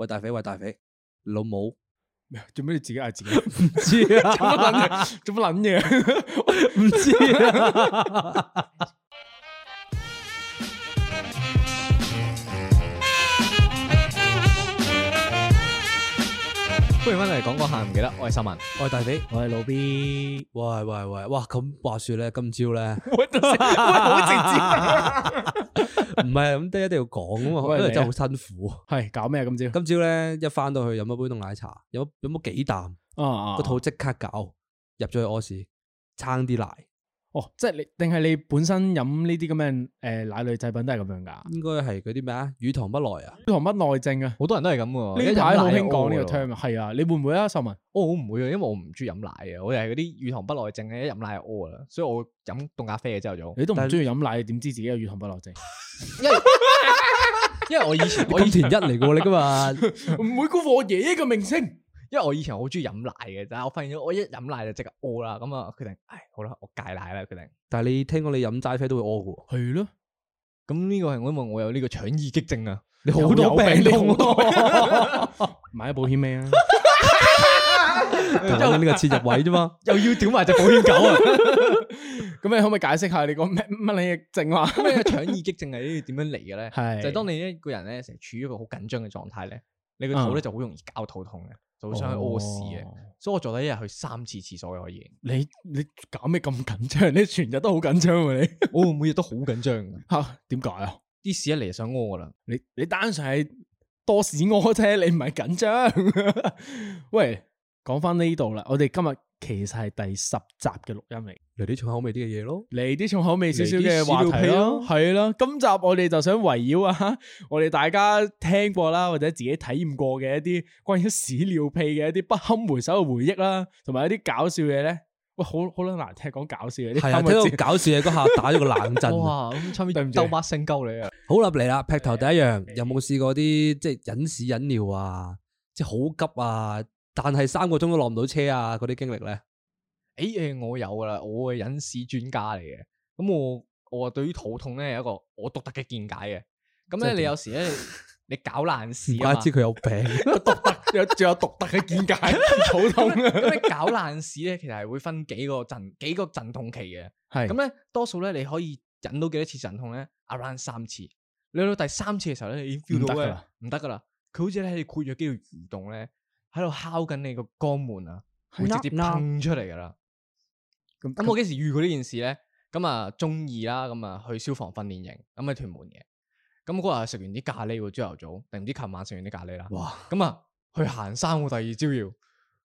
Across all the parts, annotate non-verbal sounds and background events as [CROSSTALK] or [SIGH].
喂大肥，喂大肥，老母，做咩你自己嗌、啊、自己，唔 [LAUGHS] 知道啊 [LAUGHS] 懶，做乜撚嘢，做乜撚嘢，唔知道啊。 [LAUGHS] 歡迎翻嚟講講下，唔記得，我係三文，我係大肥我是，我係老 B，喂喂喂，哇，咁話說咧，今朝咧，好直接啊，唔係咁都一定要講啊嘛，因為真係好辛苦，係、啊、 [LAUGHS] 搞咩今朝，今朝咧一翻到去飲一杯凍奶茶，飲飲冇幾啖啊？個、uh huh. 肚即刻搞入咗去屙屎，撐啲奶。哦，即係你，定係你本身飲呢啲咁嘅，誒奶類製品都係咁樣噶？應該係嗰啲咩啊？乳糖不耐啊？乳糖不耐症啊？好多人都係咁噶。你一排我聽講呢個 term 係啊，你會唔會啊？秀文？哦，我唔會啊，因為我唔中意飲奶啊，我係嗰啲乳糖不耐症啊，一飲奶就屙啦，所以我飲凍咖啡嘅之後就。你都唔中意飲奶，點知自己有乳糖不耐症？因為我以前我以前一嚟過你㗎嘛，唔會辜負我爺爺嘅名聲。因為我以前好中意飲奶嘅，但係我發現咗我一飲奶就即刻屙啦，咁啊決定，唉好啦，我戒奶啦決定。但係你聽過你飲齋啡都會屙嘅喎。係咯，咁呢個係因為我有呢個腸易激症啊，你好多病痛。買保險咩啊？有呢個切入位啫嘛。 [LAUGHS] 又要屌埋隻保險狗啊！咁 [LAUGHS] [LAUGHS] [LAUGHS] 你可唔可以解釋下個你 [LAUGHS] 個乜乜嘢症啊？咩腸易激症係點樣嚟嘅咧？係的就當你一個人咧成日處於一個好緊張嘅狀態咧，你個肚咧就好容易搞肚痛嘅。就想去屙屎嘅，oh. 所以我做得一日去三次廁所嘅可以你。你你搞咩咁緊張？你全日都好緊張啊你！你 [LAUGHS] 我每日都好緊張。吓？點解啊？啲屎、 [LAUGHS] 啊、一嚟就想屙啦。你你單純係多屎屙啫，你唔係緊張。 [LAUGHS] 喂，講翻呢度啦，我哋今日。其實係第十集嘅錄音嚟，嚟啲重口味啲嘅嘢咯，嚟啲重口味少少嘅話題咯，係咯。今集我哋就想圍繞下，我哋大家聽過啦，或者自己體驗過嘅一啲關於屎尿屁嘅一啲不堪回首嘅回憶啦，同埋一啲搞笑嘢咧。喂，好好難聽，講搞笑嘅，係啊的，聽到搞笑嘅嗰下打咗個冷震。 [LAUGHS] 哇，咁差唔多兜一聲鳩你啊！好啦嚟啦，劈頭第一樣，Okay. 有冇試過啲即係忍屎忍尿啊？即係好急啊！但係三個鐘都落唔到車啊！嗰啲經歷咧，誒誒、欸，我有噶啦，我係隱屎專家嚟嘅，咁我我對於肚痛咧有一個我獨特嘅見解嘅。咁咧，是你有時咧， [LAUGHS] 你搞爛屎，鬼知佢有病， [LAUGHS] 獨特，有仲有獨特嘅見解。肚痛， [LAUGHS] 咁樣搞爛屎咧，其實係會分幾個陣，幾個陣痛期嘅。係咁咧，多數咧你可以忍到幾多次陣痛咧？around 三次，你到第三次嘅時候咧，你已經 feel 到嘅，唔得噶啦。佢好似咧喺你括約肌度移動咧。喺度敲緊你個肛門啊，會直接噴出嚟噶啦。咁 No, no. 那我幾時遇過呢件事咧？咁啊中二啦，咁啊去消防訓練營，咁係屯門嘅。咁嗰日食完啲咖喱，朝頭早定唔知琴晚食完啲咖喱啦。咁啊哇去行山，第二朝要。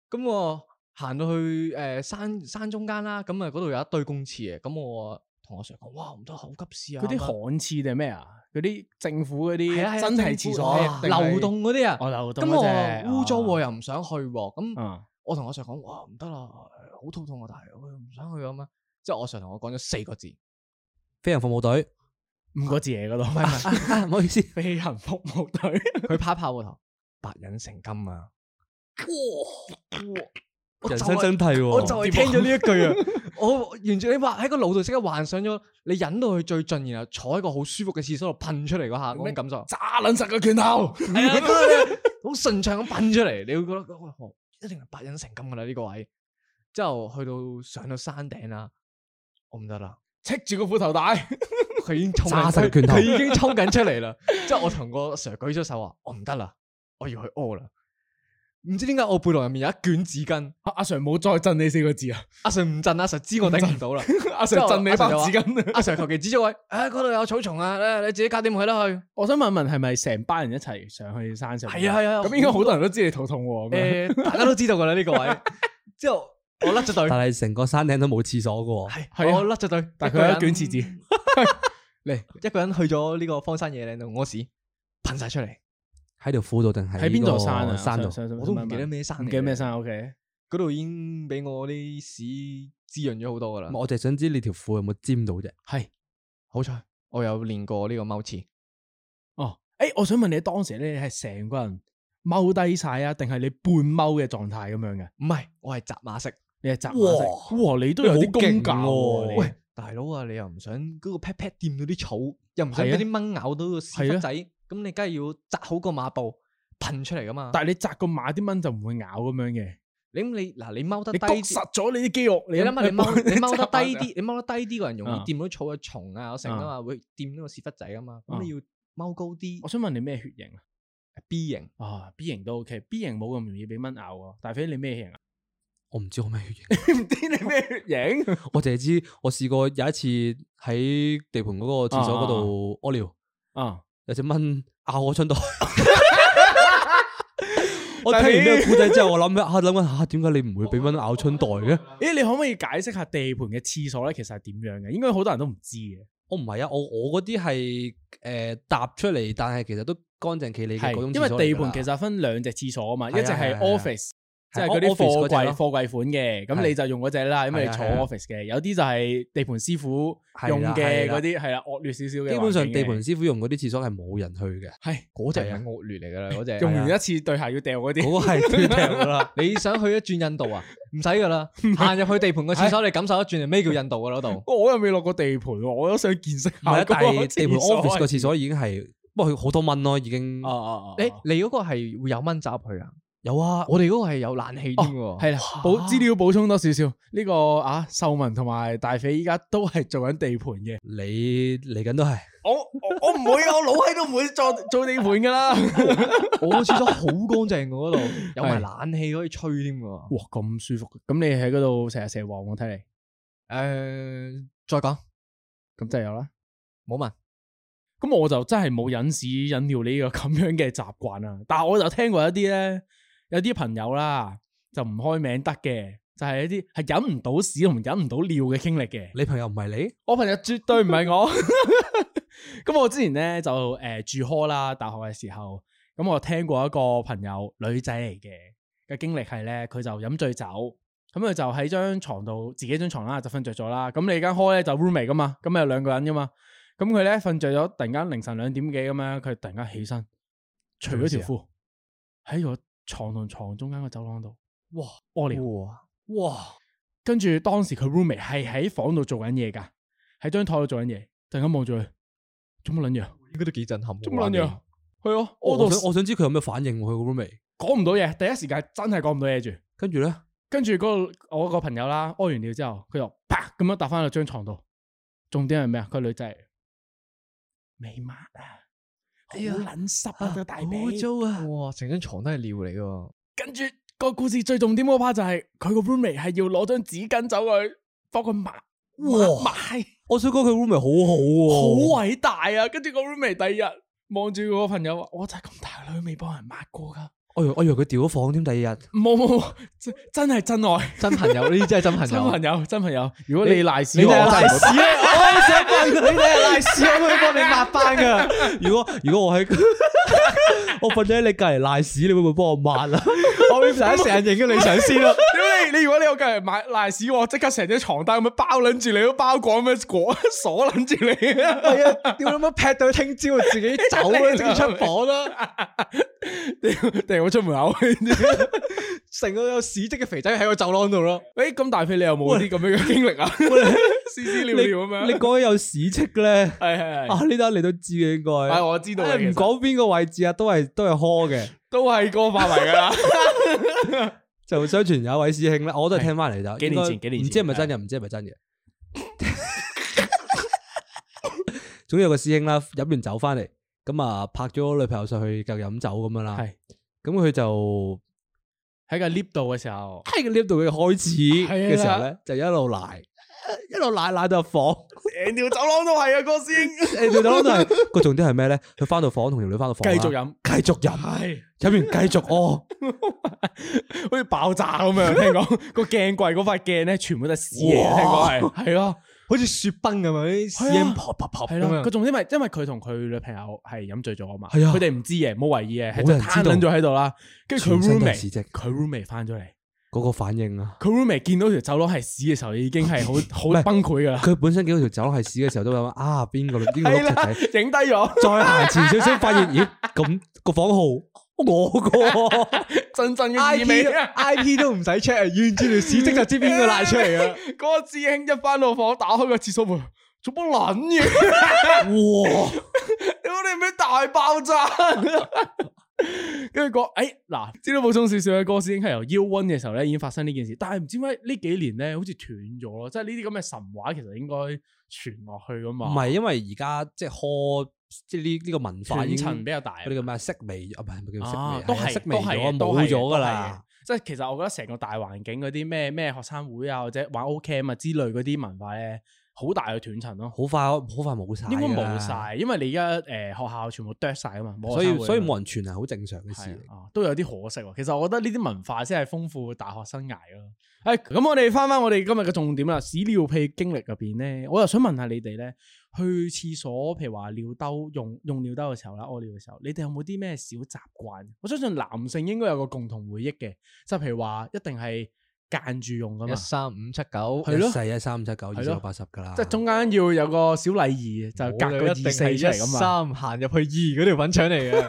咁我行到去誒、呃、山山中間啦，咁啊嗰度有一堆公廁嘅，咁我。同我阿 Sir 講，哇唔得，好急事啊！嗰啲旱廁定係咩啊？嗰啲政府嗰啲真係廁所，流動嗰啲啊！咁我污糟又唔想去，咁我同我阿 Sir 講，哇唔得啦，好肚痛啊，但係我又唔想去咁啊！之後我阿 Sir 同我講咗四個字，飛行服務隊五個字嚟噶咯，唔好意思，飛行服務隊佢拍拍我頭，百忍成金啊！人生真諦喎、哦，我就係聽咗呢一句啊！對吧 [LAUGHS] 我完全你話喺個腦度即刻幻想咗，你忍到佢最盡，然後坐喺個好舒服嘅廁所度噴出嚟嗰下咩感受？揸捻實個拳頭，好順暢咁噴出嚟，你會覺得、哦、一定係百忍成金噶啦呢個位。之後去到上到山頂啦，我唔得啦，扯住個褲頭帶，佢 [LAUGHS] 已經衝緊，佢已經衝緊出嚟啦。 [LAUGHS] [LAUGHS] 之後我同個 sir 舉咗手話，我唔得啦，我要去屙啦。唔知點解我背囊入面有一卷紙巾，阿阿 Sir 冇再震你四個字啊！阿 Sir 唔震，阿 Sir 知我頂唔到啦。阿 Sir 震你包紙巾，阿 Sir 求其指咗位，啊嗰度有草叢啊，誒你自己架點去啦去？我想問問係咪成班人一齊上去山上面？係啊係啊，咁應該好多人都知你肚痛。誒，大家都知道噶啦呢個位。之後我甩咗隊，但係成個山頂都冇廁所噶。係我甩咗隊，但佢有一卷廁紙。嚟，一個人去咗呢個荒山野嶺度屙屎，噴晒出嚟。喺條褲度定係喺邊座山啊？山度我都唔記得咩山嘅，唔記得咩山。OK，嗰度已經俾我啲屎滋潤咗好多噶啦。我就係想知你條褲有冇尖到啫？係，好彩我有練過呢個踎廁。哦，誒、欸，我想問你，當時咧你係成個人踎低晒啊，定係你半踎嘅狀態咁樣嘅？唔係，我係紮馬式，你係紮馬式。哇你都有啲勁噶。啊、你喂，大佬啊，你又唔想嗰個 pat pat 掂到啲草，的又唔想俾啲蚊咬到個屎忽仔？咁你梗係要扎好個馬步，噴出嚟噶嘛？但係你扎個馬，啲蚊就唔會咬咁樣嘅。你咁你嗱你踎得低啲，實咗你啲肌肉，你諗下你踎你踎得低啲，你踎得低啲個人容易掂到草嘅蟲啊，我成日話，會掂呢個屎忽仔啊嘛。咁你要踎高啲。我想問你咩血型啊？B 型。啊，B 型都 OK，B 型冇咁容易俾蚊咬啊。大飛你咩血型啊？我唔知我咩血型。唔知你咩血型？我淨係知我試過有一次喺地盤嗰個廁所嗰度屙尿啊。有隻蚊咬我春袋 [LAUGHS] [LAUGHS] [LAUGHS] 我聽完呢個故仔之後，我諗一下啊？諗一下，點解你唔會俾蚊咬春袋嘅？咦、哦，欸，你可唔可以解釋下地盤嘅廁所咧？其實係點樣嘅？應該好多人都唔知嘅。我唔係啊，我我嗰啲係誒搭出嚟，但係其實都乾淨企理嘅種。因為地盤其實分兩隻廁所啊嘛，啊一隻係 office、啊。即係嗰啲貨櫃貨櫃款嘅，咁你就用嗰隻啦，因為你坐 office 嘅。有啲就係地盤師傅用嘅嗰啲，係啦，惡劣少少嘅。基本上地盤師傅用嗰啲廁所係冇人去嘅。係嗰隻係惡劣嚟噶啦，嗰隻用完一次對鞋要掉嗰啲，好係要掉噶啦。你想去一轉印度啊？唔使噶啦，行入去地盤個廁所你感受一轉，咩叫印度啊？嗰度我又未落過地盤，我都想見識下。係啊，地地盤 office 個廁所已經係，不過佢好多蚊咯，已經。哦哦哦，你你嗰個係會有蚊走入去啊？有啊，嗯、我哋嗰個係有冷氣添喎。係啦、啊，補資料補充多少少呢個啊，秀文同埋大肥依家都係做緊地盤嘅。你嚟緊都係我我唔 [LAUGHS] 會啊，我老閪都唔會做做地盤噶啦。 [LAUGHS] [LAUGHS] 我廁所好乾淨嗰度， [LAUGHS] 有埋冷氣可以吹添嘅、啊。哇，咁舒服。咁你喺嗰度成日蛇王我睇你。誒、呃，再講說，咁真係有啦。冇問，咁我就真係冇忍屎忍尿你呢個咁樣嘅習慣啊。但係我就聽過一啲咧。有啲朋友啦，就唔開名得嘅，就係、是、一啲係忍唔到屎同忍唔到尿嘅經歷嘅。你朋友唔係你，我朋友絕對唔係我。咁 [LAUGHS] [LAUGHS] 我之前咧就誒、呃、住 hall 啦，大學嘅時候，咁我聽過一個朋友女仔嚟嘅嘅經歷係咧，佢就飲醉酒，咁佢就喺張床度自己張床啦就瞓着咗啦。咁你間 hall 咧就是、roommate 噶嘛，咁啊有兩個人噶嘛，咁佢咧瞓着咗，突然間凌晨兩點幾咁樣，佢突然間起身，啊、除咗條褲，哎呀！床同床中間個走廊度，哇屙尿，哇跟住當時佢 roommate 係喺房度做緊嘢噶，喺張台度做緊嘢，突然間望住佢，做乜撚嘢？應該都幾震撼，做乜撚嘢？係啊，哦、我想我想知佢有咩反應、啊，佢 roommate 講唔到嘢，第一時間真係講唔到嘢住，跟住咧，跟住、嗰個我個朋友啦，屙完尿之後，佢就啪咁樣搭翻去張床度，重點係咩啊？個女仔未 m a 啊！哎呀，好撚濕啊個大髀，好污糟啊！哇，成張床都係尿嚟。跟住個故事最重點，part 就係、是、佢個 roommate 係要攞張紙巾走去幫佢抹。哇，抹！我想講佢 roommate 好好、啊，好偉大啊！跟住個 roommate 第二日望住佢個朋友話，我真係咁大女未幫人抹過噶。我以為我以為佢掉咗房添，第二日冇冇真真係真愛真，真朋友呢啲真係真朋友，真朋友真朋友。如果你賴屎我賴屎我，我想扮女仔賴屎我，我可以幫你抹翻噶。如果如果我喺 [LAUGHS] 我瞓咗喺你隔籬賴屎，你會唔會幫我抹啊？ [LAUGHS] 我成日成日影嘅你上司咯。 [LAUGHS] 你！如果你有隔籬埋賴屎我，我即刻成張床單咁樣包捻住你，都包裹咁樣裹鎖捻住你。係啊！屌你媽！劈到聽朝自己走啦，直接 [LAUGHS] 出房啦！ [LAUGHS] 我出門口，成個有屎跡嘅肥仔喺個走廊度咯。誒，咁大肥，你有冇啲咁樣嘅經歷啊？屎屎尿尿啊嘛！你講有屎跡咧，係係啊，呢單你都知嘅，應該，我知道。唔講邊個位置啊，都係都係呵嘅，都係個範圍噶啦。就相傳有一位師兄咧，我都係聽翻嚟就幾年前，幾年前，唔知係咪真嘅，唔知係咪真嘅。總之有個師兄啦，飲完酒翻嚟，咁啊拍咗女朋友上去繼續飲酒咁樣啦，係。咁佢就喺個 lift 度嘅時候，喺個 lift 度嘅開始嘅時候咧，就一路賴，一路賴賴到入房，成條走廊都係啊！個師兄，成條走廊都係。個 [LAUGHS] 重點係咩咧？佢翻到房同條女翻到房，繼續飲，繼續飲，飲完繼續屙， [LAUGHS] 好似爆炸咁樣。聽講個鏡櫃嗰塊鏡咧，全部都係屎嘢，哇聽講係，係咯。好似雪崩咁樣係咯，佢仲因為因為佢同佢女朋友係飲醉咗啊嘛，係啊，佢哋唔知嘅，冇懷意嘅，係就癱喺咗喺度啦，跟住佢 roomie，佢 roomie 翻咗嚟，嗰個反應啊，佢 roomie 見到條走廊係屎嘅時候，已經係好好崩潰噶啦，佢本身見到條走廊係屎嘅時候，都諗啊邊個邊個碌柒仔整低咗，再行前少少發現咦咁個房號。我個陣陣嘅異味，I P 都唔使 check，完全條屎迹就知邊個瀨出嚟啦。嗰個師兄一翻到房，打開個廁所門，做乜撚嘢？ [LAUGHS] 哇！屌 [LAUGHS] 你咩大爆炸？跟住講，誒，嗱，知道補充少少咧，哥師兄係由 U One 嘅時候咧，已經發生呢件事，但係唔知點解呢幾年咧，好似斷咗咯，即係呢啲咁嘅神話，其實應該傳落去噶嘛？唔係，因為而家即係開。即係呢呢個文化，層比嗰啲叫咩？色味啊，唔係叫色味都係是了都係冇咗噶啦。了即係其實我覺得成個大環境嗰啲咩咩學生會啊或者玩 O K 啊之類嗰啲文化咧，好大嘅斷層咯，好快好快冇晒，應該冇晒，因為你而家誒學校全部 drop 晒啊嘛所，所以所以冇人傳係好正常嘅事，啊啊，都有啲可惜。其實我覺得呢啲文化先係豐富大學生涯咯，啊。誒，哎，咁我哋翻翻我哋今日嘅重點啦，屎尿屁經歷入邊咧，我又想問下你哋咧。去廁所，譬如話尿兜用用尿兜嘅時候啦，屙尿嘅時候，你哋有冇啲咩小習慣？我相信男性應該有個共同回憶嘅，就譬如話一定係間住用噶嘛？一三五七九係咯，一三五七九二十八十噶啦。咯即係中間要有個小禮儀，就隔個二四嚟咁嘛。三行入去二嗰條粉腸嚟嘅，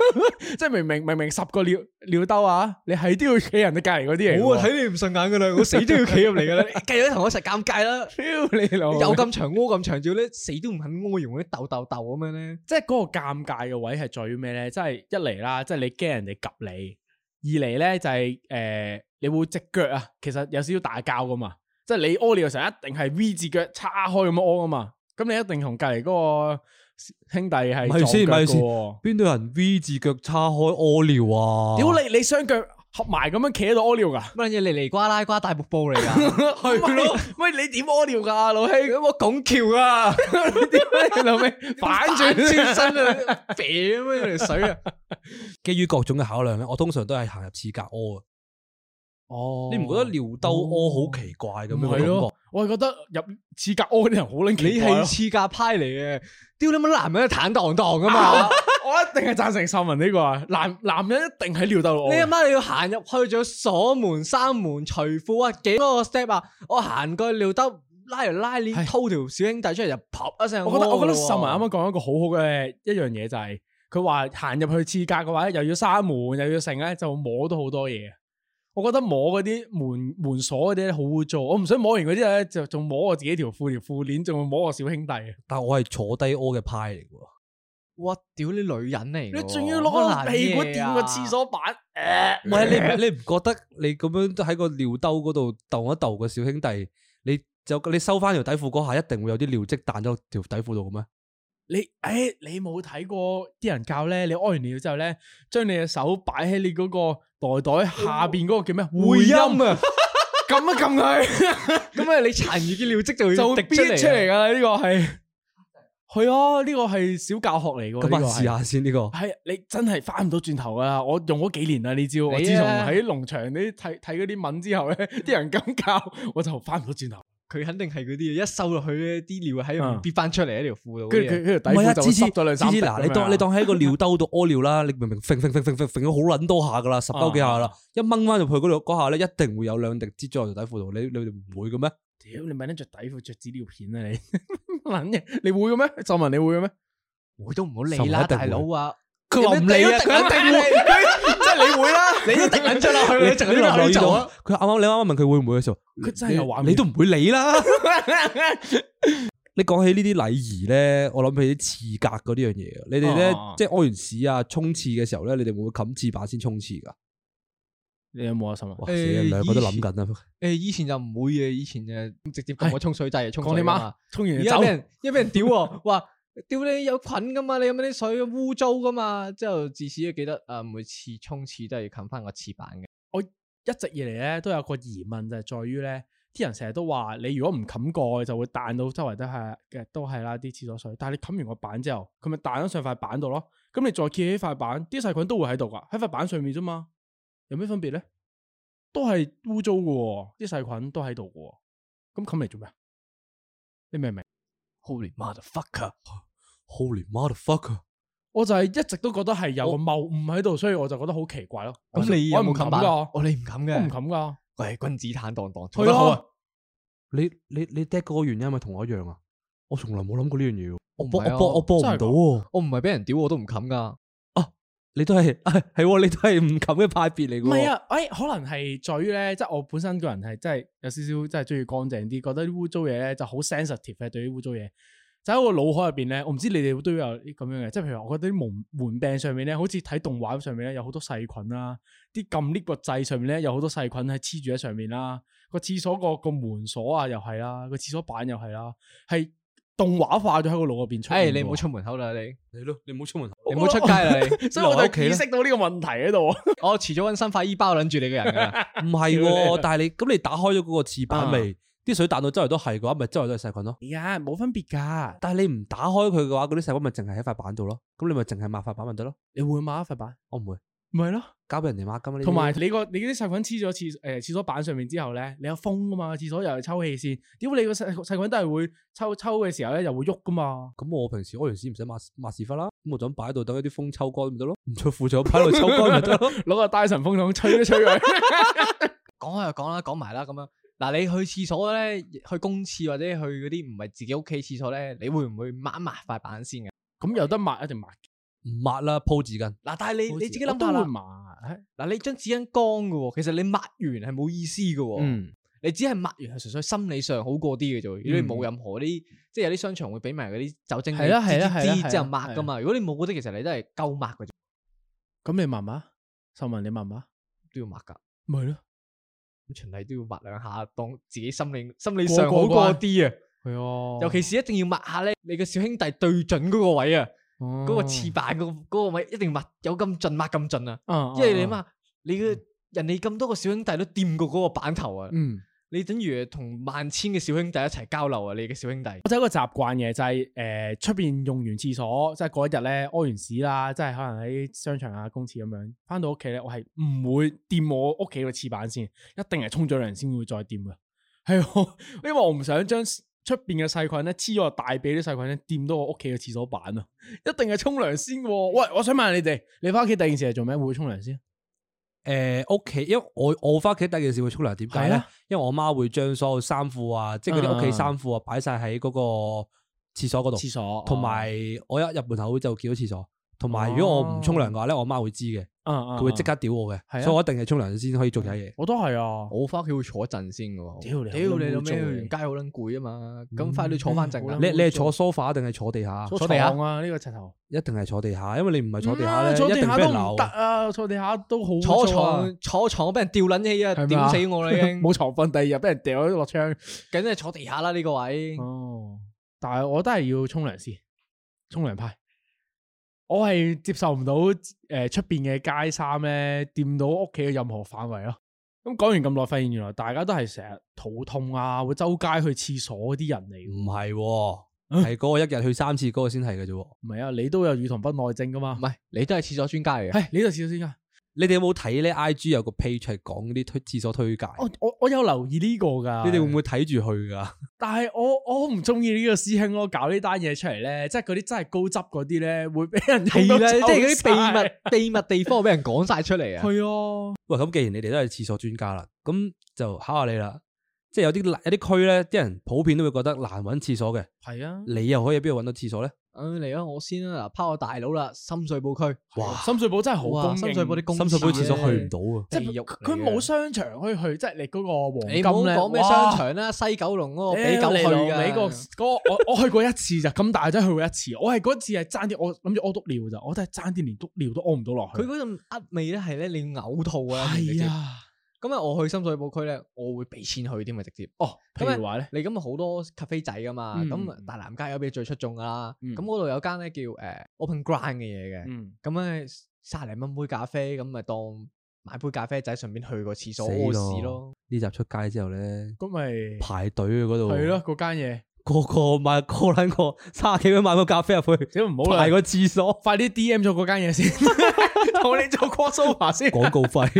[LAUGHS] 即係明明明明十個尿尿兜啊，你係都要企人哋隔籬嗰啲嘢。我睇你唔順眼噶啦， [LAUGHS] 我死都要企入嚟噶啦，繼 [LAUGHS] 續同我一齊尷尬啦。屌 [LAUGHS] 你老！咁 [LAUGHS] 長屙咁長照咧，死都唔肯屙用嗰啲豆豆豆咁樣咧。即係嗰個尷尬嘅位係在於咩咧？即係一嚟啦，即係你驚人哋及你。二嚟咧就係、是、誒、呃，你會隻腳啊，其實有少少大交噶嘛，即係你屙尿嘅時候一定係 V 字腳叉開咁樣屙噶嘛，咁你一定同隔籬嗰個兄弟係，唔係先，唔係先，邊度人 V 字腳叉開屙尿啊？屌你，你雙腳。合埋咁樣企喺度屙尿噶，乜嘢嚟嚟瓜拉瓜大瀑布嚟噶，係咯 [LAUGHS] 的？喂， [LAUGHS] 你點屙尿噶、啊，老兄？我拱橋啊，老 [LAUGHS] 味反了，反轉車身啊，掟咩嚟水啊？基於各種嘅考量咧，我通常都係行入廁格屙啊。哦，你唔覺得尿兜屙好奇怪咁樣感覺？我係覺得入刺格屙啲人好捻奇怪。你係刺格派嚟嘅，屌你媽！男人坦蕩蕩噶嘛，我一定係贊成秀文呢個啊。男男人一定喺尿兜屙。你阿媽你要行入去咗鎖門、閂門、除褲啊，幾多個 step 啊？我行過去尿兜拉嚟拉去，偷條小兄弟出嚟就撲一聲屙。我覺得我覺得秀文啱啱講一個好好嘅一樣嘢就係，佢話行入去刺格嘅話，又要閂門，又要剩咧，就摸到好多嘢。我覺得摸嗰啲門門鎖嗰啲好污糟，我唔想摸完嗰啲咧就仲摸我自己條褲條褲鏈，仲會摸我小兄弟。但係我係坐低屙嘅派嚟喎。哇！屌你女人嚟，你仲要攞個屁股掂個廁所板？呃、唔係你你唔覺得你咁樣都喺個尿兜嗰度逗一逗個小兄弟？你就你收翻條底褲嗰下，一定會有啲尿跡彈咗條底褲度嘅咩？你誒、欸，你冇睇過啲人教咧？你屙完尿之後咧，將你嘅手擺喺你嗰個袋袋下邊嗰個叫咩？會陰啊，撳 [LAUGHS] 一撳佢，咁啊，你殘餘嘅尿跡就會滴出嚟。就邊出嚟噶？呢 [LAUGHS] 個係係啊，呢、這個係小教學嚟嘅。咁啊，試下先、這、呢個。係你真係翻唔到轉頭噶！我用咗幾年啦呢招。我自從喺農場你睇睇嗰啲文之後咧，啲人咁教，我就翻唔到轉頭了。佢肯定係嗰啲嘢，一收落去咧，啲尿喺度憋翻出嚟喺條褲度，跟住佢，跟住底褲就濕咗兩。唔係啊，紙尿，紙尿，嗱，你當你當喺一個尿兜度屙尿啦，你明唔明？揈揈揈揈揈揈咗好撚多下噶啦，十兜幾下啦，一掹翻入去嗰度嗰下咧，一定會有兩滴紙喺條底褲度，你你哋唔會嘅咩？屌，你咪拎着底褲着紙尿片啊你，撚嘢，你會嘅咩？作文你會嘅咩？我都唔好理啦，大佬啊！佢諗你啊！佢一定會，佢即係你會啦。你一定忍出落去，你直要諗呢度。佢啱啱你啱啱問佢會唔會嘅時候，佢真係話你都唔會理啦。你講起呢啲禮儀咧，我諗起啲廁格嗰啲樣嘢。你哋咧即係屙完屎啊，沖廁嘅時候咧，你哋會唔會冚廁板先沖廁噶？你有冇啊？什麼？兩個都諗緊啊。誒，以前就唔會嘅，以前誒直接放個沖水掣，沖完啊，沖完走，一俾人屌，話。屌，你有菌噶嘛？你有咗啲水污糟噶嘛？之後至此都記得啊，每次沖廁都要冚翻個廁板嘅。我一直以嚟咧都有個疑問就係就在於咧，啲人成日都話你如果唔冚蓋就會彈到周圍都係嘅，都係啦啲廁所水。但係你冚完個板之後，佢咪彈咗上塊板度咯。咁你再揭起塊板，啲細菌都會喺度噶，喺塊板上面啫嘛？有咩分別咧？都係污糟噶喎，啲細菌都喺度噶。咁冚嚟做咩啊？你明唔明？Holy motherfucker！Holy motherfucker！我就係一直都覺得係有個謬誤喺度，我所以我就覺得好奇怪咯。咁你唔冚噶？哦，你唔冚嘅，我唔冚噶。誒，君子坦蕩蕩，去啦！你你你爹嗰個原因係咪同我一樣我從我啊？我從來冇諗過呢樣嘢。我播我我播唔到，我唔係俾人屌，我都唔冚噶。你都係，係、哎哦、你都係唔冚嘅派別嚟嘅。唔係啊，哎，可能係在於咧，即、就、係、是、我本身個人係真係有少少，真係中意乾淨啲，覺得啲污糟嘢咧就好 sensitive 嘅，對於污糟嘢。就喺我腦海入邊咧，我唔知你哋都會有啲咁樣嘅。即係譬如我覺得啲門門柄上面咧，好似睇動畫上面咧，有好多細菌啦。啲撳 lift 個掣上面咧，有好多細菌喺黐住喺上面啦。個廁所個個門鎖啊，又係啦，個廁所板又係啦，係。動畫化咗喺個腦入邊出嚟。誒、哎，你唔好出門口啦，你，係咯，你唔好出門口，了你唔好出街啦，你， [LAUGHS] 所以我就意識到呢個問題喺度。 [LAUGHS] [LAUGHS] 我遲早揾新塊衣包攬住你嘅人啊，唔係、哦， [LAUGHS] 但係你咁你打開咗嗰個廁板、嗯，咪啲水彈到周圍都係嘅話，咪周圍都係細菌咯。而家冇分別噶，但係你唔打開佢嘅話，嗰啲細菌咪淨係喺塊板度咯。咁你咪淨係抹塊板咪得咯。你會抹一塊板？我唔會。咪咯，交俾人哋抹金，啊。同埋你個你啲細菌黐咗廁誒廁所板上面之後咧，你有風噶嘛？廁所又係抽氣扇，點解你個細細菌都係會抽抽嘅時候咧，又會喐噶嘛？咁我平時屙完屎唔使抹抹屎忽啦，咁我就咁擺喺度，等一啲風乾抽乾咪得咯。唔錯，副上擺度抽乾咪得咯，攞個大神風筒吹一吹佢。 [LAUGHS] [LAUGHS] 講開又講啦，講埋啦咁樣。嗱，你去廁所咧，去公廁或者去嗰啲唔係自己屋企廁所咧，你會唔會抹一抹塊板先嘅，啊？咁 [LAUGHS] 有得抹一定抹。唔抹啦，鋪紙巾。嗱，但係你你自己諗下啦，嗱，你張紙巾乾嘅喎，其實你抹完係冇意思嘅。嗯，你只係抹完係純粹心理上好過啲嘅啫。如果你冇任何啲，即係有啲商場會俾埋嗰啲酒精紙紙即係抹噶嘛。如果你冇，嘅其實你都係夠抹嘅。咁你抹唔抹？秀文，你抹唔抹？都要抹噶。咪咯，咁循例都要抹兩下，當自己心理心理上好過啲啊。係啊，尤其是一定要抹下咧，你個小兄弟對準嗰個位啊。嗰、哦、個廁板嗰嗰個位一定有盡抹有咁盡抹咁盡啊，哦、因為你諗下啊，哦、你嘅的人哋咁多個小兄弟都掂過嗰個板頭啊，嗯、你等於同萬千嘅小兄弟一齊交流。啊，你嘅小兄弟，我有一個習慣嘅就係誒出邊用完廁所即係嗰一日咧屙完屎啦，即係可能喺商場啊公廁咁樣，翻到屋企咧我係唔會掂我屋企嘅廁板先，一定係沖咗涼先會再掂噶，係 [LAUGHS] 因為我唔想將。出邊嘅細菌咧黐咗個大髀啲細菌咧，掂到我屋企嘅廁所板啊！ [LAUGHS] 一定係沖涼先。喂，我想問下你哋，你翻屋企第二件事係做咩？會唔會沖涼先？誒、呃，屋企因為我我翻屋企第二件事會沖涼，點解咧？因為我媽會將、啊、所有衫褲啊，即係佢哋屋企衫褲啊，擺晒喺嗰個廁所嗰度，廁所。同、哦、埋我一入門口就見到廁所。同埋，如果我唔沖涼嘅話咧，我媽會知嘅，佢會即刻屌我嘅，所以我一定係沖涼先可以做其他嘢。我都係啊，我翻屋企會坐一陣先嘅。屌你，屌你老咩？行完街好卵攰啊嘛，咁快你坐翻陣。你你係坐梳化定係坐地下？坐地下啊！呢個柒頭一定係坐地下，因為你唔係坐地下咧，一定坐地下都唔得啊！坐地下都好坐床，坐床俾人吊卵起啊！吊死我啦已經，冇床瞓，第二日俾人掉咗落窗，梗係坐地下啦呢個位。哦，但係我都係要沖涼先，沖涼派。我係接受唔、呃、到誒，出邊嘅街衫咧掂到屋企嘅任何範圍咯。咁、嗯、講完咁耐，發現原來大家都係成日肚痛啊，會周街去廁所嗰啲人嚟。唔係、哦，係嗰、嗯、個一日去三次嗰個先係嘅啫。唔係啊，你都有乳糖不耐症噶嘛？唔係，你都係廁所專家嚟嘅。係，你都係廁所專家。你哋有冇睇呢？IG 有個 page 係講啲推廁所推介我。我我我有留意呢個噶。你哋會唔會睇住去噶？但係我我好唔中意呢個師兄咯，搞呢單嘢出嚟咧，即係嗰啲真係高質嗰啲咧，會俾人睇咧，即係嗰啲秘密 [LAUGHS] 秘密地方俾人講晒出嚟啊！係啊的。喂，咁既然你哋都係廁所專家啦，咁就考下你啦。即係有啲難，有啲區咧，啲人普遍都會覺得難搵廁所嘅。係啊，你又可以喺邊度搵到廁所咧？誒，嚟啊，我先啦，嗱，拋我大佬啦，深水埗區。哇，深水埗真係好公，深水埗啲公，深水埗廁所去唔到啊。即係佢冇商場可以去，即係你嗰個黃金咧。你唔好講咩商場啦，西九龍嗰個俾狗去嘅。美國嗰我我去過一次咋，咁大真去過一次。我係嗰次係爭啲，我諗住屙督尿嘅咋，我真係爭啲連督尿都屙唔到落去。佢嗰陣厄味咧係咧，你嘔吐啊。係啊。咁啊，我去深水埗區咧，我會俾錢去添啊，直接。哦，譬如話咧，你咁啊好多咖啡仔噶嘛，咁大南街有啲最出眾噶啦，咁嗰度有間咧叫誒 Openground 嘅嘢嘅，咁咧卅零蚊杯咖啡，咁咪當買杯咖啡仔，順便去個廁所屙屎咯。呢集出街之後咧，咁咪排隊啊嗰度。係咯，嗰間嘢，個個買個個捻個卅幾蚊買杯咖啡入去，你唔好嚟個廁所，快啲 D M 咗嗰間嘢先。同你做 cosplay 先。廣告費。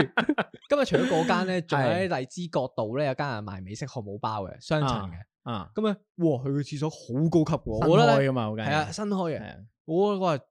今日除咗嗰間咧，仲喺荔枝角道咧有間係賣美式漢堡包嘅，雙層嘅。啊。咁樣，哇，佢個廁所好高級嘅。新開噶嘛，係啊，新開嘅。我嗰個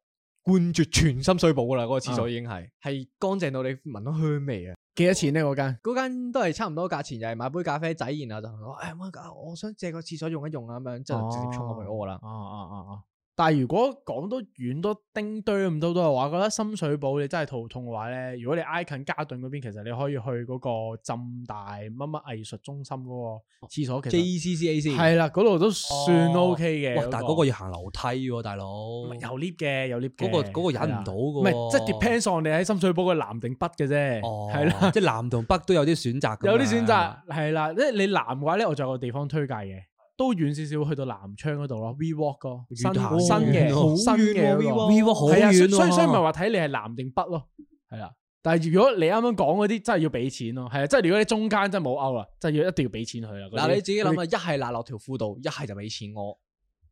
冠絕全深水埗噶啦，嗰個廁所已經係係乾淨到你聞到香味啊。幾多錢咧？嗰間？嗰間都係差唔多價錢，就係買杯咖啡仔，然後就，哎我想借個廁所用一用啊，咁樣就直接衝過去屙啦。哦哦哦哦。但係如果講多遠多釘堆咁多多嘅話，覺得深水埗你真係肚痛嘅話咧，如果你挨近嘉頓嗰邊，其實你可以去嗰個浸大乜乜藝術中心嗰個廁所。其實 JCCAC 係啦，嗰度 CC 都算 OK 嘅。哦。但係嗰個要行樓梯喎，大佬。有 lift 嘅，有 lift。嗰、嗰個、嗰個忍唔到嘅。唔係，即係 depends on 你喺深水埗嘅南定北嘅啫。哦，係啦了，即係南同北都有啲選擇。有啲選擇係啦，即係你南嘅話咧，我仲有個地方推介嘅。都遠少少去到南昌嗰度咯。We Walk 新個新新嘅新嘅，We Walk 好遠。所以所以唔係話睇你係南定北咯，係啦，但係如果你啱啱講嗰啲真係要俾錢咯，係啊，即係如果你中間真係冇勾啦，就係要一定要俾錢去啊。嗱，你自己諗下，一係賴落條褲度，一係就俾錢我。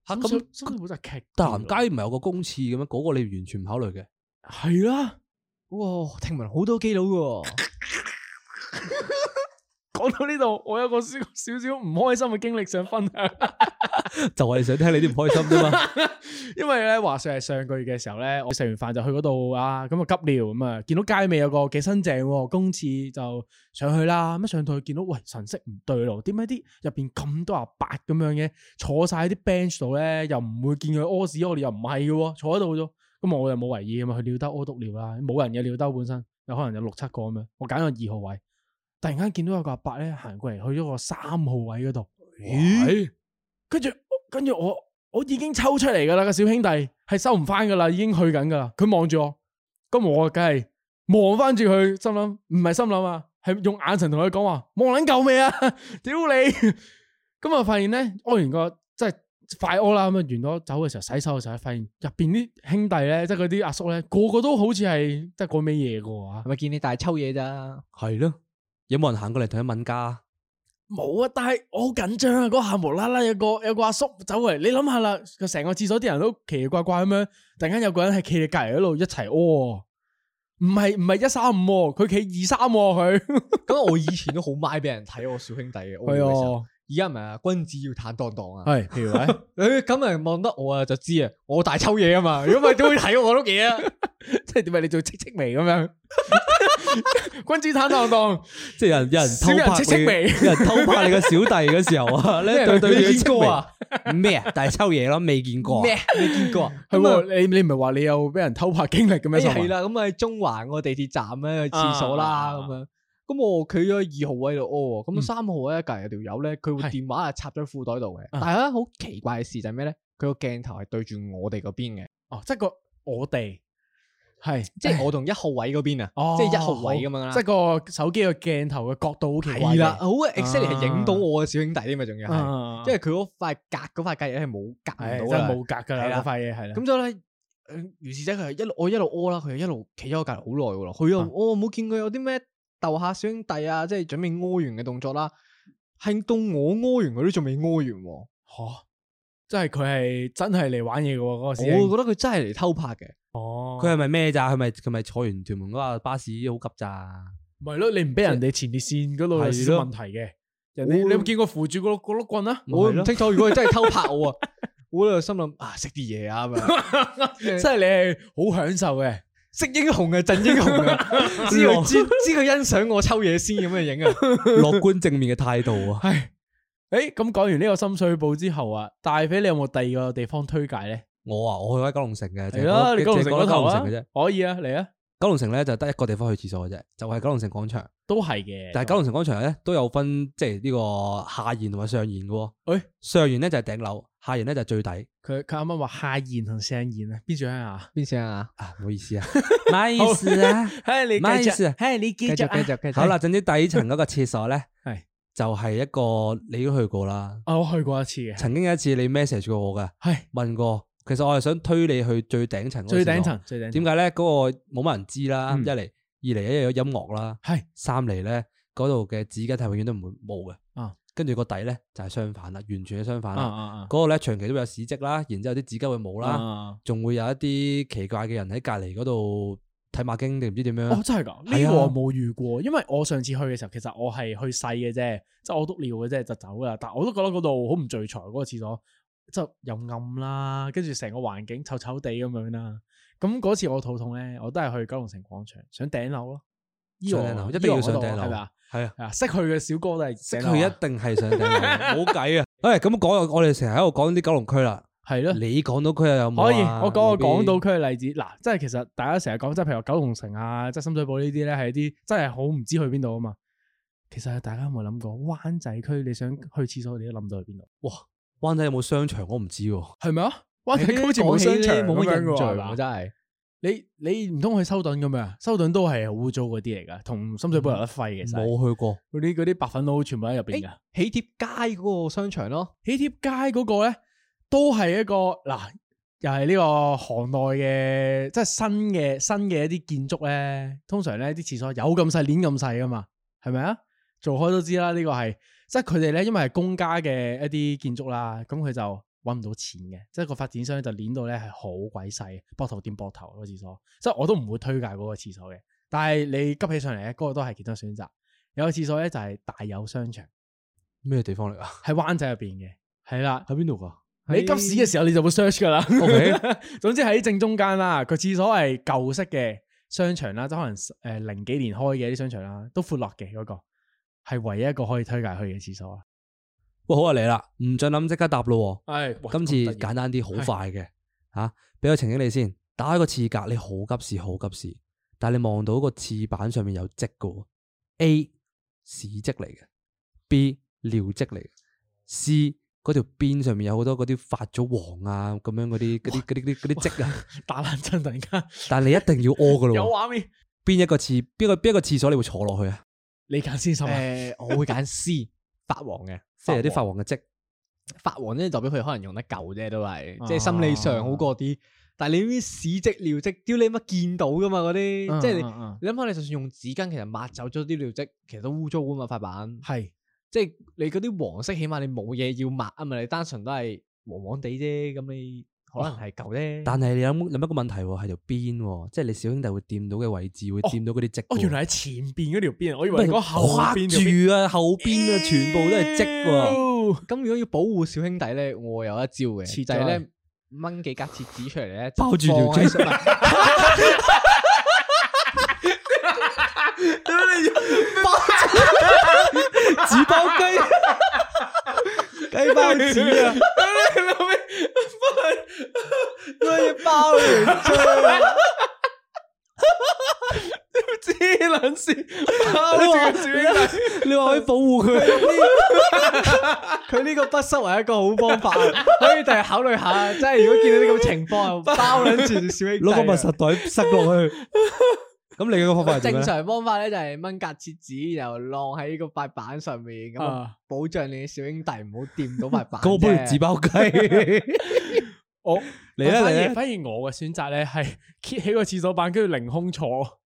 吓咁，根本就係劇。大南街唔係有個公廁嘅咩？嗰、嗰個你完全唔考慮嘅。係啦，哇聽聞好多基佬嘅。 [LAUGHS] 講到呢度，我有個少少唔開心嘅經歷想分享， [LAUGHS] 就係想聽你啲唔開心啫嘛。 [LAUGHS] 因為咧，話說係上個月嘅時候咧，我食完飯就去嗰度啊，咁啊急尿咁啊，見到街尾有個幾新正公廁就上去啦。咁上到去見到，喂、哎、神色唔對路，點解啲入邊咁多阿伯咁樣嘅坐晒喺啲 bench 度咧，又唔會見佢屙屎屙尿，又唔係嘅，坐喺度咗。咁我又冇為意，咁啊去尿兜屙督尿啦，冇人嘅尿兜本身，有可能有六七個咁樣，我揀咗二號位。突然間見到有個阿伯咧行過嚟，去咗個三號位嗰度。咦？跟住跟住我，我已經抽出嚟噶啦，個小兄弟係收唔翻噶啦，已經去緊噶啦。佢望住我，咁我梗係望翻住佢，心諗唔係心諗啊，係用眼神同佢講話：望撚夠未啊？屌你！咁 [LAUGHS] 啊回， [LAUGHS] 發現咧屙完個即係快屙啦。咁啊，完咗走嘅時候，洗手嘅時候，發現入邊啲兄弟咧，即係嗰啲阿叔咧，個個都好似係即係講咩嘢嘅喎，係咪見你大抽嘢咋？係咯。有冇人行過嚟同佢問家？冇啊！但係我好緊張啊！嗰下無啦啦有個有個阿叔,叔走過嚟，你諗下啦，成個廁所啲人都奇奇怪怪咁樣，突然間有個人係企你隔籬喺度一齊屙，唔係唔係一三五、哦，佢企二三佢、哦。咁 [LAUGHS] 我以前都好 my 俾人睇我小兄弟嘅。而家唔係啊，君子要坦蕩蕩啊！係，譬如你咁人望得我啊，就知啊，我大抽嘢啊嘛，如果唔係點會睇我碌嘢啊？即係點解你做戚戚眉咁樣，君子坦蕩蕩， [LAUGHS] 即係人有人偷拍， [LAUGHS] 有人偷拍你個小弟嗰時候啊， [LAUGHS] [LAUGHS] 你對唔見過啊？咩 [LAUGHS] [LAUGHS] 麼啊？大抽嘢咯，未見過咩？未見過，係你你唔係話你有俾人偷拍經歷嘅咩？係、哎哎啊、啦，咁啊，中環個地鐵站咧，去廁所啦咁樣。咁我企喺二號位度屙，咁三號位隔籬有條友咧，佢部電話啊插咗喺褲袋度嘅。但係咧好奇怪嘅事就係咩咧？佢個鏡頭係對住我哋嗰邊嘅，哦，即係個我哋係，即係我同一號位嗰邊啊，即係一號位咁樣啦。即係個手機個鏡頭嘅角度好奇怪啦，好 exactly 係影到我嘅小兄弟添啊，仲要係，因為佢嗰塊隔嗰塊隔嘢係冇隔到啦，冇隔噶啦，嗰塊嘢係啦。咁所以咧，如是者佢係一路我一路屙啦，佢係一路企咗我隔籬好耐噶咯，佢又我冇見佢有啲咩。鬥下兄弟啊，即係準備屙完嘅動作啦。兄到我屙完嗰啲仲未屙完，吓、哦，即係佢係真係嚟玩嘢嘅嗰個時我會覺得佢真係嚟偷拍嘅。哦，佢係咪咩咋？佢咪佢咪坐完屯門嗰個巴士好急咋？咪咯，你唔俾人哋前列腺嗰度有啲問題嘅。人你有冇見過扶住嗰碌碌棍啊？我唔清楚， [LAUGHS] 如果佢真係偷拍我， [LAUGHS] 我啊，我喺度心諗啊食啲嘢啊，即係你係好享受嘅。識英雄嘅震英雄啊，知我知知佢欣賞我抽嘢先咁樣影啊，樂觀正面嘅態度啊，係， [LAUGHS] 誒咁講完呢個深水埗之後啊，大肥，你有冇第二個地方推介咧？我啊，我去翻九龍城嘅，係咯， [LAUGHS] 你九龍城都九龍城嘅啫，啊，可以啊，嚟啊！九龍城咧就得一個地方去廁所嘅啫，就係九龍城廣場，都係嘅。但係九龍城廣場咧都有分，即係呢個下沿同埋上沿嘅喎。誒，上沿咧就係頂樓，下沿咧就係最底。佢佢啱啱話下沿同上沿啊？邊處啊？邊處啊？啊，唔好意思啊，唔好意思啊，係你，唔好意思啊，係你繼續繼續繼續。好啦，總之第二層嗰個廁所咧，係就係一個你都去過啦。我去過一次，曾經有一次你 message 過我嘅，係問過。其實我係想推你去最頂層嗰個廁所。最頂層，最頂。點解咧？嗰、那個冇乜人知啦，嗯、一嚟，二嚟，一來有音樂啦，係是。三嚟咧，嗰度嘅紙巾係永遠都唔會冇嘅。啊。跟住個底咧就係、是、相反啦，完全係相反啦。嗰、啊啊啊、個咧長期都有屎跡啦，然之後啲紙巾會冇啦，仲、啊啊、會有一啲奇怪嘅人喺隔籬嗰度睇馬經定唔知點樣。哦，真係噶，呢呀個我冇遇過，因為我上次去嘅時候，其實我係去細嘅啫，即係我篤尿嘅啫就走噶啦。但我都覺得嗰度好唔聚財嗰個廁所。就又暗啦，跟住成個環境臭臭地咁樣啦。咁嗰次我肚痛咧，我都係去九龍城廣場，想頂樓咯。依樓一，個一定要頂樓一上頂樓係咪啊？係啊，識去嘅小哥都係、啊、識去，一定係上頂樓，冇計 [LAUGHS] 啊！誒、哎，咁講我哋成日喺度講啲九龍區啦，係咯、 [LAUGHS] 啊。你港島區又有冇可以？我講個港島區嘅例子，嗱，即係其實大家成日講即係，譬如話九龍城啊，即係深水埗呢啲咧，係一啲真係好唔知去邊度啊嘛。其實大家有冇諗過灣仔區？你想去廁所，你都諗到去邊度？哇！灣仔有冇商場？我唔知喎，係咪啊？灣仔好似冇商場人，冇乜印象真係是。你你唔通去修頓咁啊？修頓都係污糟嗰啲嚟噶，同深水埗有得揮嘅。冇、嗯、在去過，嗰啲啲白粉佬全部喺入邊噶。喜帖、欸、街嗰個商場咯，喜帖街嗰個咧都係一個嗱、啊，又係呢個行內嘅，即係新嘅新嘅一啲建築咧。通常咧啲廁所有咁細，鏈咁細噶嘛，係咪啊？做開都知啦，呢、這個係。即係佢哋咧，因為係公家嘅一啲建築啦，咁佢就搵唔到錢嘅，即係個發展商咧就捻到咧係好鬼細，膊頭掂膊頭個廁所，即係我都唔會推介嗰個廁所嘅。但係你急起上嚟咧，嗰、嗰個都係其他選擇。有個廁所咧就係大有商場，咩地方嚟啊？喺灣仔入邊嘅，係啦，喺邊度噶？你急屎嘅時候你就會 search 噶啦。Okay. [LAUGHS] 總之喺正中間啦，佢廁所係舊式嘅商場啦，即可能誒零幾年開嘅啲商場啦，嗰個、都闊落嘅嗰個。係唯一一個可以推介去嘅廁所啊！哇，好啊，嚟啦，唔准諗即刻答咯，係今次簡單啲，好快嘅吓，俾個情景你先，打開個廁格，你好急事，好急事，但係你望到個廁板上面有漬嘅，A 屎漬嚟嘅，B 尿漬嚟嘅，C 嗰條邊上面有好多嗰啲發咗黃啊咁樣嗰啲嗰啲啲啲漬啊，打冷震突然間， [LAUGHS] 但係你一定要屙嘅咯， [LAUGHS] 有畫面咪，邊一個廁邊個邊一個廁所你會坐落去啊？你揀 C 十啊？誒、呃，我會揀 C 發黃嘅，即係有啲發黃嘅漬。發黃咧代表佢可能用得舊啫，都係，啊、即係心理上好過啲。啊、但係你啲屎漬尿漬，屌你乜見到噶嘛？嗰啲、啊、即係你諗下，啊、你就算用紙巾，其實抹走咗啲尿漬，其實都污糟噶嘛？塊板係，是即係你嗰啲黃色，起碼你冇嘢要抹啊嘛，你單純都係黃黃地啫，咁你。可能係舊咧，但係你有冇諗一個問題？喎，係條邊喎，即係你小兄弟會掂到嘅位置，哦、會掂到嗰啲積。哦，原來喺前邊嗰條邊，我以為你講後邊。住啊，後邊啊，全部都係積。咁、欸、如果要保護小兄弟咧，我有一招嘅，遲在就係咧掹幾格廁紙出嚟咧，包住條雞先。哈！哈！哈！哈！哈！哈！紙包雞！哈！哈！哈！雞包紙啊！你諗咩？我我要包完紙啊！知卵事，你話可以保護佢？佢呢 [LAUGHS] 個不失為一個好方法，可以第日考慮下。即係如果見到呢個情況，包軟紙，攞個密實袋塞落去。咁你嘅方法係咩？正常方法咧就係掹格廁紙，然後晾喺個塊板上面，咁啊保障，你小兄弟唔好掂到塊板。咁不如紙包雞？我反而反而我嘅選擇咧係揭起個廁所板，跟住凌空坐，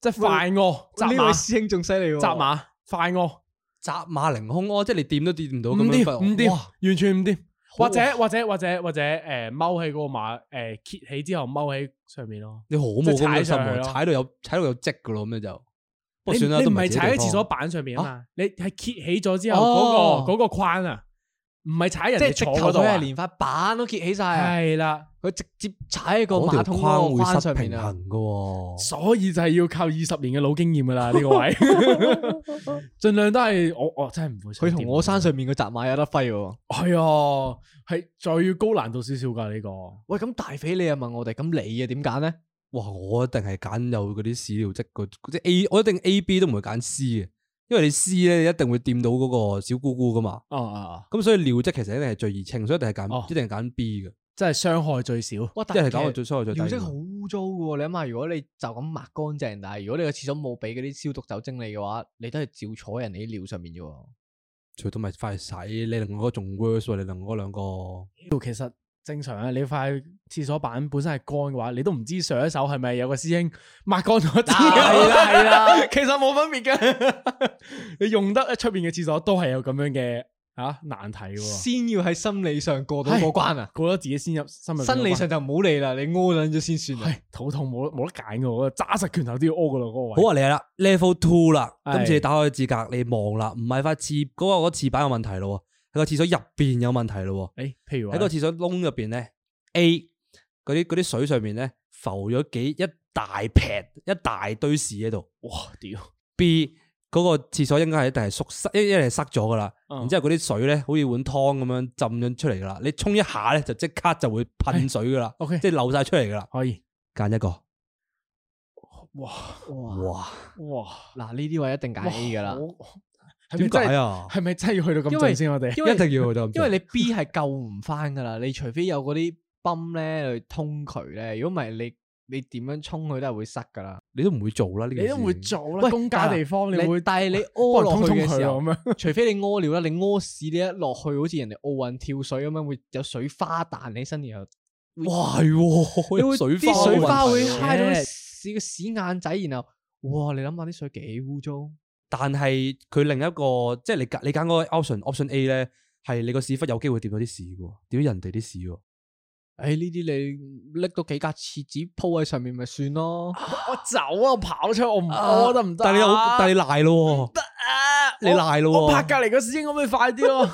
即係快屙。呢位師兄仲犀利喎，扎馬快屙，扎馬凌空屙，即係你掂都掂唔到。咁掂唔掂？完全唔掂。或者或者或者或者誒踎喺嗰個馬揭、呃、起之後踎喺上面咯。你好冇咁嘅心、啊，踩到有踩到有積嘅咯咁就，不算你唔係踩喺廁所板上面啊嘛？你係揭起咗之後嗰、嗰個哦、個框啊，唔係踩人即係坐嗰度啊，連塊板都揭起晒。啊，係啦。佢直接踩喺個馬桶上框會失平衡㗎喎！所以就係要靠二十年嘅老經驗噶啦，呢 [LAUGHS] 個位盡 [LAUGHS] 量都係我我真係唔會。佢同我山上面嘅紮馬有得揮喎。係啊、哎，係最高難度少少噶呢個。喂，咁大肥你又問我哋，咁你啊點揀咧？哇，我一定係揀有嗰啲屎尿質即 A，我一定 A B 都唔會揀 C 嘅，因為你 C 咧你一定會掂到嗰個小姑姑噶嘛。哦哦、啊啊啊，咁所以尿質其實一定係最易清，所以一定係揀、哦、一定係揀 B 嘅。真係傷害最少，一係傷害最少，傷害最。尿好污糟嘅，你諗下，如果你就咁抹乾淨，但係如果你個廁所冇俾嗰啲消毒酒精你嘅話，你都係照坐人哋啲尿上面啫。除咗咪快洗，你另外仲 worse，你同我兩個。其實正常嘅，你塊廁所板本身係乾嘅話，你都唔知上一手係咪有個師兄抹乾咗。係啦 [LAUGHS] [LAUGHS] 其實冇分別嘅。 [LAUGHS] 你用得出邊嘅廁所都係有咁樣嘅。啊，難題、啊、先要喺心理上過到嗰關啊，唉過得自己先入心理。心理上就唔好理啦，你屙緊咗先算啊。係肚痛冇冇得揀嘅，揸實拳頭都要屙嘅啦個位。好啊，嚟啦，level two 啦，是今次你打開個字格，你望啦，唔係發字。嗰、嗰個字廁板有問題咯，喺個廁所入邊有問題咯。誒，譬、欸、如話喺個廁所窿入邊咧，A 嗰啲啲水上面咧浮咗幾一大撇一大堆屎喺度，哇屌！B 嗰個廁所應該係一定係塞，一一定係塞咗噶啦。然之後嗰啲水咧，好似碗湯咁樣浸咗出嚟噶啦。你沖一下咧，就即刻就會噴水噶啦。OK，即係漏晒出嚟噶啦。可以揀一個，哇哇哇！嗱，呢啲位一定揀 A 噶啦。點解啊？係咪真係要去到咁盡先？我哋一定要去到，因為你 B 係救唔翻噶啦。你除非有嗰啲泵咧去通佢咧，如果唔係，你……你點樣沖佢都係會塞噶啦，你都唔會做啦，呢件事你都唔會做啦，公界地方你會，但係你屙落去嘅時候，除非你屙尿啦，你屙屎你一落去，好似人哋奧運跳水咁樣，會有水花彈你身然後。哇係，你水花會揩到屎個屎眼仔，然後哇，你諗下啲水幾污糟。但係佢另一個即係你揀你揀嗰個 option option A 咧，係你個屎忽有機會掂到啲屎嘅，掂人哋啲屎。誒，呢啲、哎、你拎到幾格廁紙鋪喺上面咪算咯。啊、我走啊，我跑出，去，我唔屙得唔得？但你又好，但你賴咯。得啊行，你賴咯。我，我拍隔籬個師兄，可唔可以快啲咯？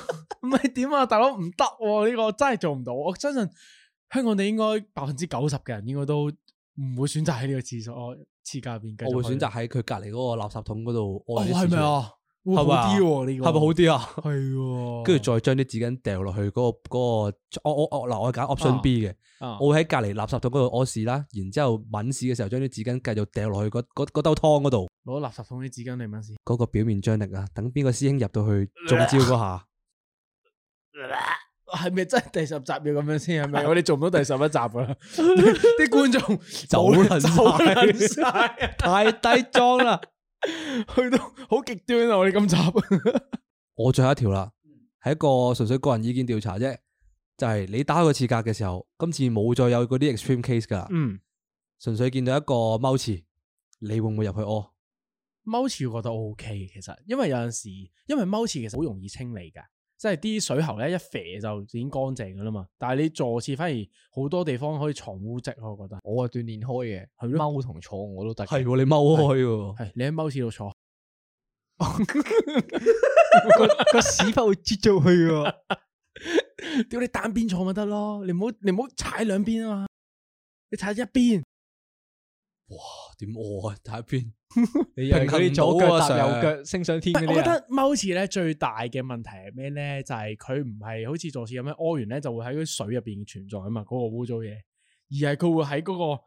唔係點啊，大佬唔得，呢、啊這個真係做唔到。我相信香港你應該百分之九十嘅人應該都唔會選擇喺呢個廁所廁格入邊。我會選擇喺佢隔籬嗰個垃圾桶嗰度屙啲屎。係咪啊？係咪好啲？係咪好啲啊？係，跟住再將啲紙巾掉落去嗰個嗰個，我我嗱，我揀 option B 嘅，我會喺隔籬垃圾桶嗰度屙屎啦，然之後揾屎嘅時候，將啲紙巾繼續掉落去嗰兜湯嗰度，攞垃圾桶啲紙巾嚟揾屎。嗰個表面張力啊，等邊個師兄入到去中招嗰下，係咪真係第十集要咁樣先？係咪？我哋做唔到第十一集啦，啲觀眾走晒，走晒，太低裝啦。 [LAUGHS] 去到好極端啊！我哋咁插。我最後一條啦，係一個純粹個人意見調查啫，就係、是、你打個次格嘅時候，今次冇再有嗰啲 extreme case 噶，嗯，純粹見到一個踎廁，你會唔會入去屙？踎廁我覺得 OK，其實因為有陣時，因為踎廁其實好容易清理噶。即係啲水喉咧一肥就已經乾淨噶啦嘛，但係你坐廁反而好多地方可以藏污漬咯，我覺得。我啊鍛煉開嘅，去踎同坐我都得。係一你踎開嘅，係你喺踎廁度坐，個屎忽會跌咗去嘅。屌 [LAUGHS] 你單邊坐咪得咯，你唔好你唔好踩兩邊啊嘛，你踩一邊。哇點屙啊？打邊，你用、 [LAUGHS] 啊、左腳腳右腳 Sir 升上天。我覺得踎廁咧最大嘅問題係咩咧？就係佢唔係好似坐廁咁樣屙完咧就會喺啲水入邊存在啊嘛，嗰、嗰個污糟嘢，而係佢會喺嗰個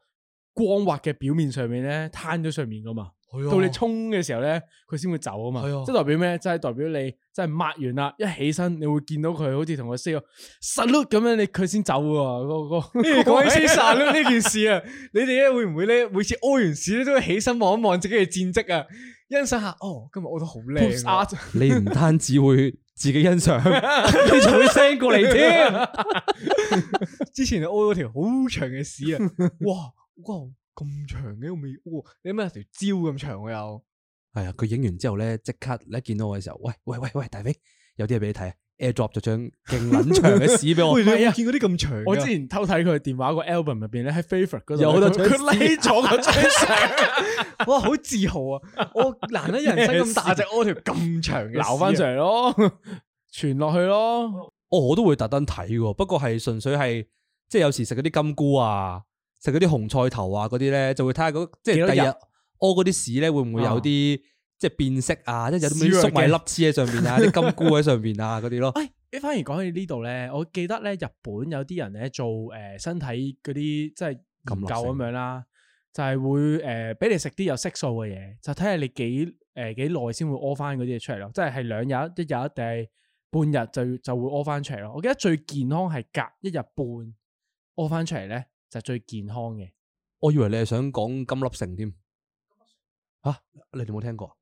光滑嘅表面上面咧攤咗上面噶嘛。.到你沖嘅時候咧，佢先會走啊嘛，對哦、即係代表咩？即係代表你，即係抹完啦，一起身，你會見到佢好似同佢 say 甩甩咁樣，你佢先走噶。嗰講起 Sir 呢件事啊，你哋咧會唔會咧每次屙完屎咧都會起身望一望自己嘅戰績啊？欣賞下哦，今日屙得好靚。你唔單止會自己欣賞， [LAUGHS] 你仲會 send 過嚟添。 [LAUGHS] 之前你屙咗條好長嘅屎啊！哇哇！咁長嘅尾，哇！你諗下條蕉咁長，我又係啊！佢影完之後咧，即刻一見到我嘅時候，喂喂喂喂，大飛，有啲嘢俾你睇，air drop 就張勁撚長嘅屎俾我， [LAUGHS] 你有冇見嗰啲咁長？啊，我之前偷睇佢電話個 album 入邊咧喺 favorite 嗰度，有好多張，他拉咗個嘴， [LAUGHS] [LAUGHS] 哇，好自豪啊！ [LAUGHS] 事我難得人生咁大隻，屙條咁長嘅，留翻上咯，傳落去咯。哦，我我都會特登睇嘅，不過係純粹係，即係有時食嗰啲金菇啊。食嗰啲紅菜頭啊，嗰啲咧，就會睇下嗰即係第二日屙嗰啲屎咧，會唔會有啲、啊、即係變色啊？即係有啲粟米粒黐喺上邊啊，啲 [LAUGHS] 金菇喺上邊啊，嗰啲咯。誒，誒，反而講起呢度咧，我記得咧，日本有啲人咧做誒身體嗰啲即係研究咁樣啦，就係會誒俾、呃、你食啲有色素嘅嘢，就睇下你幾誒幾耐先會屙翻嗰啲嘢出嚟咯。即係係兩日一日定係半日就就會屙翻出嚟咯。我記得最健康係隔一日半屙翻出嚟咧就係最健康嘅。我以為你係想講金粒城添。金粒城吓，你哋冇聽過？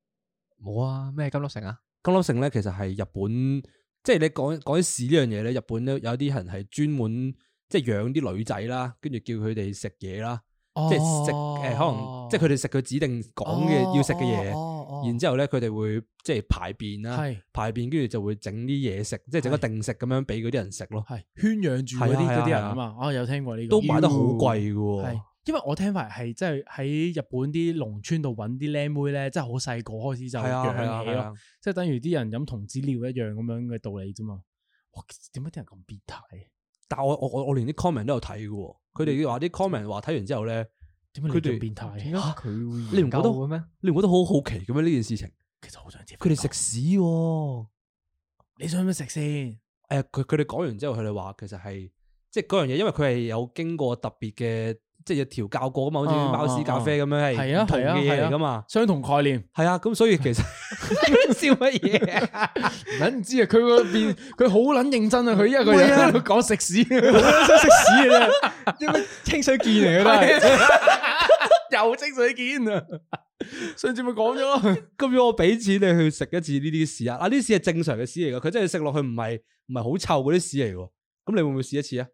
冇啊，咩金粒城啊？金粒城咧，其實係日本，即係你講講啲屎呢樣嘢咧，日本咧有啲人係專門即係養啲女仔啦，跟住叫佢哋食嘢啦。即係食誒，可能即係佢哋食佢指定講嘅要食嘅嘢，然之後咧佢哋會即係排便啦，排便跟住就會整啲嘢食，即係整個定食咁樣俾嗰啲人食咯。係圈養住嗰啲啲人啊嘛，我有聽過呢個，都買得好貴嘅。係因為我聽翻係即係喺日本啲農村度搵啲僆妹咧，即係好細個開始就養起咯，即係等於啲人飲童子尿一樣咁樣嘅道理啫嘛。哇，點解啲人咁變態？但我我我我連啲 comment 都有睇嘅，佢哋話啲 comment 話睇完之後咧，點解佢哋變態？吓蛤，佢會你唔覺得咩？你唔覺得好好奇嘅咩？呢件事情，其實好想知。佢哋食屎，你想唔想食先？誒，佢佢哋講完之後，佢哋話其實係即係嗰樣嘢，因為佢係有經過特別嘅。即係調教過啊嘛，好似貓屎咖啡咁樣係同啊，嘢嚟噶嘛，嗯嗯、相同概念。係啊，咁所以其實哈哈笑乜嘢？唔 [LAUGHS] 知邊啊，佢個邊佢好撚認真啊！佢 [LAUGHS] 因為佢佢講食屎，想食屎嘅啫，啲清水見嚟嘅都係， [LAUGHS] 對 [LAUGHS] 又清水見啊！上次咪講咗咯，咁 [LAUGHS] 要我俾錢你去食一次呢啲屎啊？啊啲屎係正常嘅屎嚟噶，佢真係食落去唔係唔係好臭嗰啲屎嚟噶，咁你會唔會試一次啊？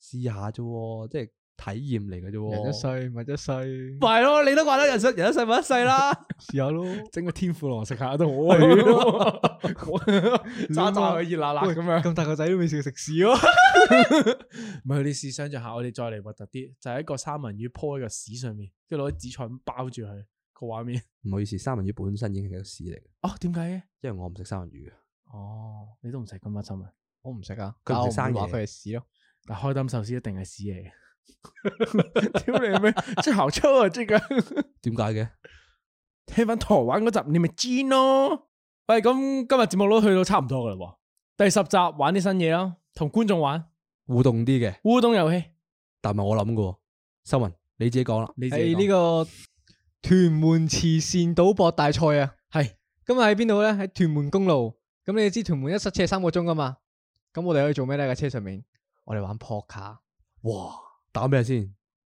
試下啫，即係體驗嚟嘅啫。人一世，咪 [LAUGHS] [LAUGHS] 一世。唔係咯，你都話得人一，人一世咪一世啦。試下咯，整個天婦羅食下都好、啊。渣渣佢熱辣辣咁樣。咁大個仔都未食食屎咯、啊。唔 [LAUGHS] 係 [LAUGHS] 你試想象下，我哋再嚟核突啲，就係、是、一個三文魚鋪喺個屎上面，即係攞啲紫菜包住佢個畫面。唔好意思，三文魚本身已經係個屎嚟。嘅、啊。哦，點解嘅？因為我唔食三文魚。哦，你都唔食咁乜心啊？我唔食啊。佢係生嘢，佢係屎咯。但開燈壽司一定係屎嚟，嘅，屌你咩？即係校操啊！即係點解嘅？聽翻台灣嗰集，你咪煎咯。喂、哎，咁、嗯、今日節目都去到差唔多噶啦，嗯、第十集玩啲新嘢咯，同觀眾玩互動啲嘅烏冬遊戲。但唔係我諗噶，新文你自己講啦。係呢、欸這個屯門慈善賭博大賽啊，係，今日喺邊度咧？喺屯門公路。咁你知屯門一塞車三個鐘噶嘛？咁我哋可以做咩咧？喺車上面？我哋玩撲克，哇打咩先？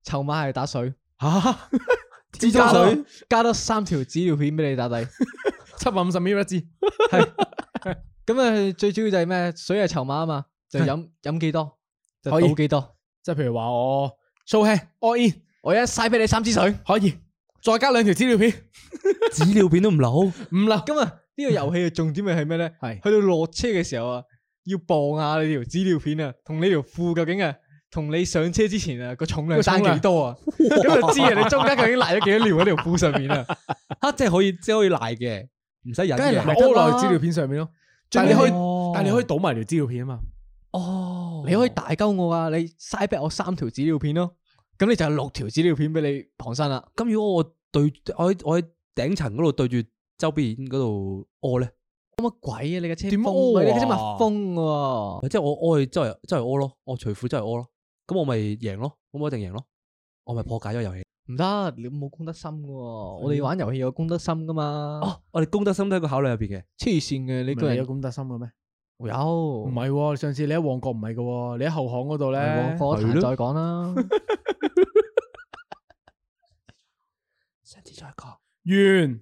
籌碼係打水，吓？加水加多三條紙尿片俾你打底，七百五十 ml 一支，係。咁啊，最主要就係咩？水係籌碼啊嘛，就飲飲幾多，就倒幾多？即係譬如話我 show hand all in，我一晒俾你三支水，可以再加兩條紙尿片，紙尿片都唔漏，唔漏。咁啊，呢個遊戲嘅重點咪係咩咧？係去到落車嘅時候啊。要磅下你條紙尿片啊，同你條褲究竟啊，同你上車之前啊個重量差幾多啊？咁哇 [LAUGHS] 就知啊，你中間究竟賴咗幾多尿喺條褲上面啊？哈， [LAUGHS] [LAUGHS] 即係可以， [LAUGHS] 即係可以賴嘅，唔使忍嘅，屙落去紙尿片上面咯。但係你可以，但係、哦、你可以倒埋條紙尿片啊嘛。哦，你可以大鳩我啊！你嘥劈我三條紙尿片咯，咁你就係六條紙尿片俾你旁身啦。咁如果我對我我喺頂層嗰度對住周邊嗰度屙咧？乜鬼啊？你嘅車點屙啊？即係我我係即係即係屙咯，我除褲即係屙咯，咁我咪贏咯，我咪一定贏咯，我咪破解咗遊戲。唔得，你冇公德心噶，我哋玩遊戲有公德心噶嘛？哦，我哋公德心都喺個考慮入邊嘅，黐線嘅，你都係有公德心嘅咩？有，唔係喎，上次你喺旺角唔係噶，你喺後巷嗰度咧，旺角再講啦。 [LAUGHS] [MUSIC] 上次再講完。